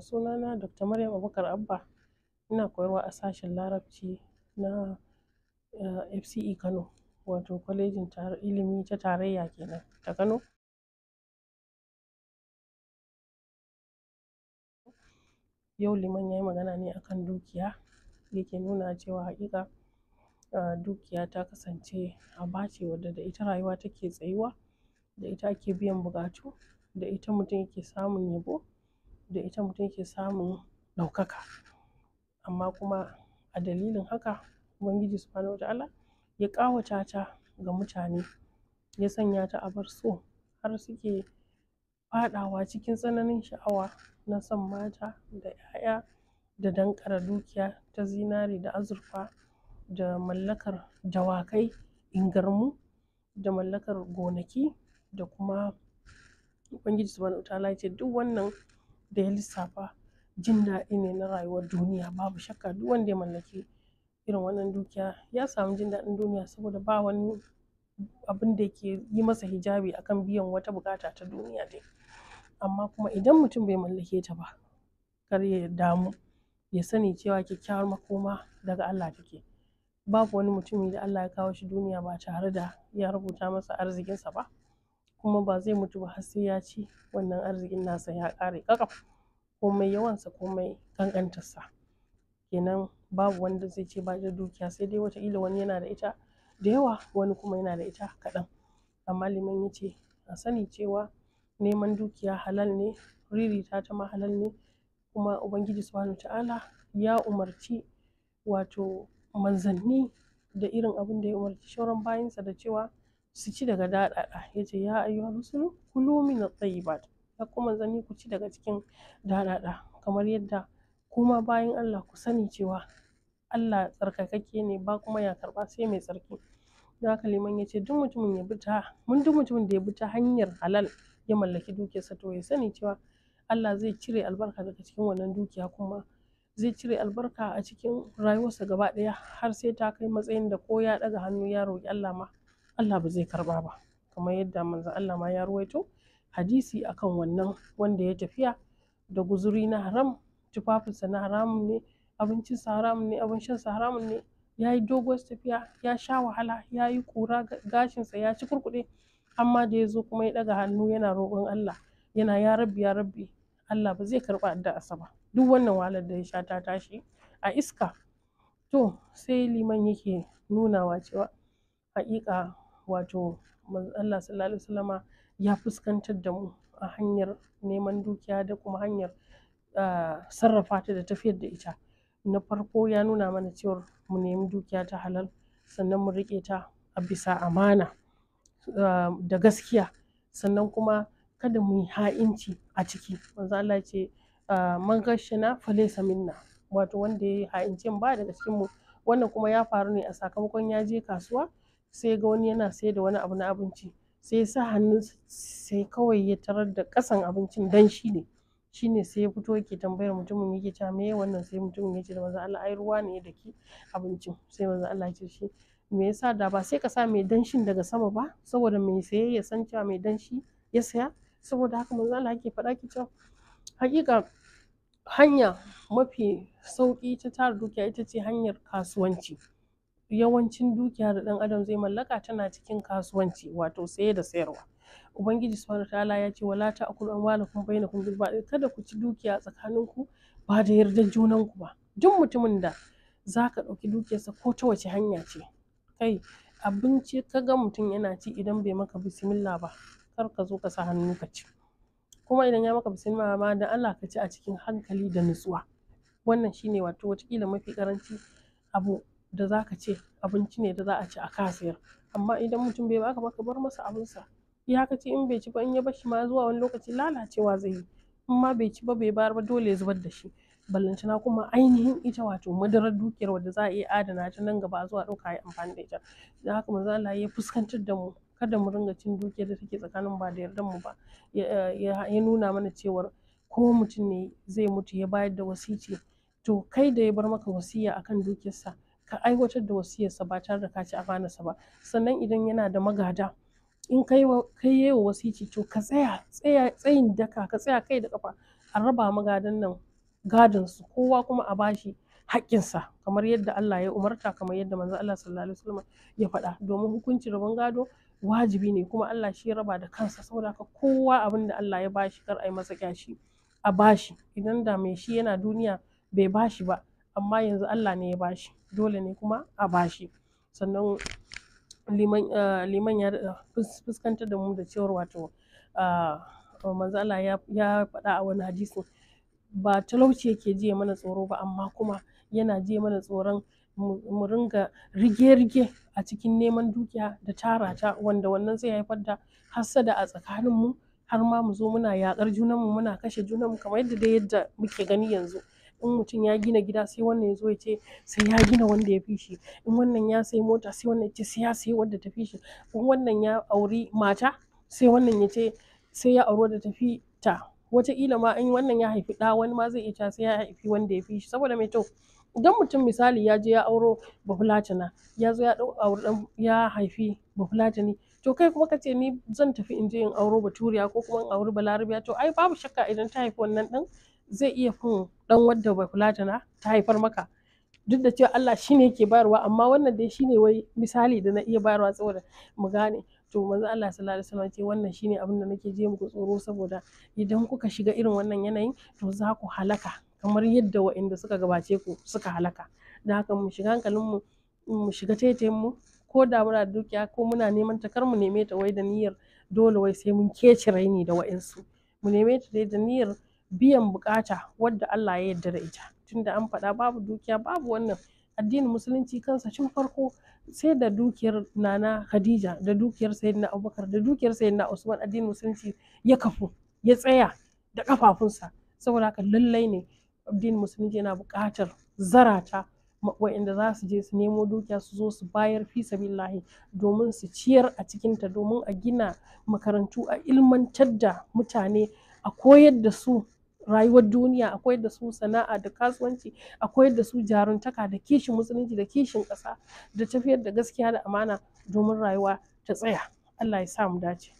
sunana Dr. Maryam Abubakar Abba, ina koyarwa a sashen Larabci na FCE Kano, wato kwalejin ilimi ta tarayya kenan ta Kano. Yau liman ya yi magana ne akan dukiya, yake nuna cewa hakika dukiya ta kasance a ce wadda da ita rayuwa take tsayuwa, da ita ake biyan buƙatu, da ita mutum yake samun yabo. da ita mutum yake samun ɗaukaka amma kuma a dalilin haka ubangiji subhanahu wata'ala ya ƙawata ta ga mutane ya sanya ta a bar so har suke faɗawa cikin tsananin sha'awa na son mata da 'ya'ya da danƙare dukiya ta zinari da azurfa da mallakar dawakai ingarmu da mallakar gonaki da kuma ubangiji subhanahu wata'ala ya ce duk wannan da ya lissafa jin daɗi ne na rayuwar duniya babu shakka duk wanda ya mallaki irin wannan dukiya ya samu jin daɗin duniya saboda ba wani abin da ke yi masa hijabi akan biyan wata bukata ta duniya dai amma kuma idan mutum bai mallake ta ba kar ya damu ya sani cewa kyakkyawar makoma daga Allah take babu wani mutumi da Allah ya kawo shi duniya ba tare da ya rubuta masa arzikinsa ba kuma ba zai mutu ba har sai ya ci wannan arzikin nasa ya ƙare ƙaƙaf komai yawansa komai ƙanƙantarsa kenan babu wanda zai ce ba da dukiya sai dai wataƙila wani yana da ita da yawa wani kuma yana da ita kaɗan amma liman ya ce a sani cewa neman dukiya halal ne ririta ta ma halal ne kuma ubangiji subhanahu ta'ala ya umarci wato manzanni da irin abin da ya umarci shauran bayansa da cewa su ci daga daɗaɗa ya ce ya ayyuhal muslimu kulu min at-tayyibat ya kuma zani ku ci daga cikin daɗaɗa kamar yadda kuma bayan Allah ku sani cewa Allah tsarkakakke ne ba kuma ya karɓa sai mai tsarki na haka liman ya ce duk mutumin ya bi mun duk mutumin da ya bi ta hanyar halal ya mallaki dukiyarsa to ya sani cewa Allah zai cire albarka daga cikin wannan dukiya kuma zai cire albarka a cikin rayuwarsa gaba ɗaya har sai ta kai matsayin da ko ya ɗaga hannu ya roƙi Allah ma Allah ba zai karba ba kamar yadda manzo Allah ma ya ruwaito hadisi akan wannan wanda ya tafiya da guzuri na haram tufafinsa na haramun ne abincinsa haramun ne abin sa haramun ne ya yi doguwar tafiya ya sha wahala ya yi kura gashinsa ya ci kurkuɗe amma da ya zo kuma ya daga hannu yana roƙon Allah yana ya rabbi ya rabbi Allah ba zai karɓa addu'arsa ba duk wannan wahalar da ya sha ta tashi a iska to sai liman yake nunawa cewa haƙiƙa wato Allah sallallahu alaihi wasallama ya fuskantar da mu a hanyar neman dukiya da kuma hanyar sarrafa ta da tafiyar da ita na farko ya nuna mana cewar mu nemi dukiya ta halal sannan mu riƙe ta a bisa amana da gaskiya sannan kuma kada mu yi ha'inci a ciki manzo Allah ce man gashina falesa minna wato wanda ya yi ha'incin ba daga cikin mu wannan kuma ya faru ne a sakamakon ya je kasuwa sai ga wani yana sai da wani abu na abinci sai sa hannu sai kawai ya tarar da kasan abincin dan shi ne shi ne sai ya fito yake tambayar mutumin yake cewa me wannan sai mutumin ya ce da manzo Allah ai ruwa ne da ke abincin sai manzo Allah ya ce shi me yasa da ba sai ka sa mai danshin daga sama ba saboda mai saye ya san cewa mai danshi ya saya saboda haka manzo Allah yake faɗa ki cewa hakika hanya mafi sauƙi ta tara dukiya ita ce hanyar kasuwanci yawancin dukiya da ɗan adam zai mallaka tana cikin kasuwanci wato saye da sayarwa ubangiji subhanahu ta'ala ya ce wala ta'kulu amwalakum bainakum bil batil kada ku ci dukiya tsakanin ku ba da yardan ku ba duk mutumin da zaka ɗauki dukiyarsa ko ta wace hanya ce kai abinci ka ga mutum yana ci idan bai maka bismillah ba kar ka zo ka sa hannu ka ci kuma idan ya maka bismillah ma da Allah ka ci a cikin hankali da nutsuwa wannan shine wato kila mafi karanci abu da za ka ce abinci ne da za a ci a kasayar amma idan mutum bai baka ba ka bar masa abinsa ce in bai ci ba in ya bashi ma zuwa wani lokaci lalacewa zai yi in ma bai ci ba bai bayar ba dole ya zubar da shi ballantana kuma ainihin ita wato madarar dukiyar wadda za a iya adana ta nan gaba zuwa ɗauka yi amfani da ita da haka manzo Allah ya fuskantar da mu kada mu ringa cin dukiyar da take tsakanin ba da yardan mu ba ya nuna mana cewar ko mutum ne zai mutu ya bayar da wasici to kai da ya bar maka wasiya akan dukiyarsa ka aiwatar da wasiyarsa ba tare da ka ci amanarsa ba sannan idan yana da magada in kai yi wa wasici to ka tsaya tsaya tsayin daka ka tsaya kai da kafa a raba magadan nan gadon su kowa kuma a bashi haƙƙinsa kamar yadda Allah ya umarta kamar yadda manzo Allah sallallahu alaihi wasallam ya faɗa domin hukuncin rabon gado wajibi ne kuma Allah shi ya raba da kansa saboda haka kowa abin da Allah ya bashi kar ai masa kyashi a bashi idan da mai shi yana duniya bai bashi ba amma yanzu Allah ne ya bashi dole ne kuma a bashi sannan liman eh, ya fuskantar da mu da cewar wato ah, manzo Allah ya faɗa a wani hadisi ba talauci yake jiya mana tsoro ba amma kuma yana jiya mana tsoron mu ringa rige-rige a cikin neman dukiya da tara ta wanda wannan zai haifar da hassada a tsakaninmu har ma mu zo muna yaƙar junanmu muna kashe junanmu kamar yadda dai yadda muke gani yanzu in mutum ya gina gida sai wannan ya zo ya ce sai ya gina wanda ya fi shi in wannan ya sai mota sai wannan ya ce sai ya sai wanda ta fi shi in wannan ya auri mata sai wannan ya ce sai ya auri wanda ta fi ta wataƙila ma in wannan ya haifi ɗa wani ma zai iya sai ya haifi wanda ya fi shi saboda mai to idan mutum misali ya je ya auro bafulatana ya zo ya ya haifi bafulatani to kai kuma kace ni zan tafi in je in auro baturiya ko kuma in auri balarabiya to ai babu shakka idan ta haifi wannan ɗan zai iya fin ɗan wadda bai kula ta haifar maka duk da cewa Allah shine yake bayarwa amma wannan dai shine wai misali da na iya bayarwa saboda mu gane to manzo Allah sallallahu alaihi wasallam ce wannan shine abin da nake je muku tsoro saboda idan kuka shiga irin wannan yanayin to za ku halaka kamar yadda wa'inda suka gabace ku suka halaka da haka mu shiga hankalin mu mu shiga taitayin mu ko da muna dukiya ko muna neman ta kar mu neme ta wai da niyyar dole wai sai mun kece raini da wa'insu mu neme ta dai da niyyar biyan bukata wadda Allah ya yarda da ita tunda an faɗa babu dukiya babu wannan addinin musulunci kansa tun farko sai da dukiyar nana Khadija da dukiyar sayyidina Abubakar da dukiyar sayyidina Usman addinin musulunci ya kafu ya tsaya da kafafunsa saboda haka lallai ne addinin musulunci yana buƙatar zarata da za su je su nemo dukiya su zo su bayar fi sabillahi domin su ciyar a cikinta domin a gina makarantu a ilmantar da mutane a koyar da su rayuwar duniya a koyar da su sana'a da kasuwanci a da su jaruntaka da kishin musulunci da kishin ƙasa da tafiyar da gaskiya da amana domin rayuwa ta tsaya Allah ya sa mu dace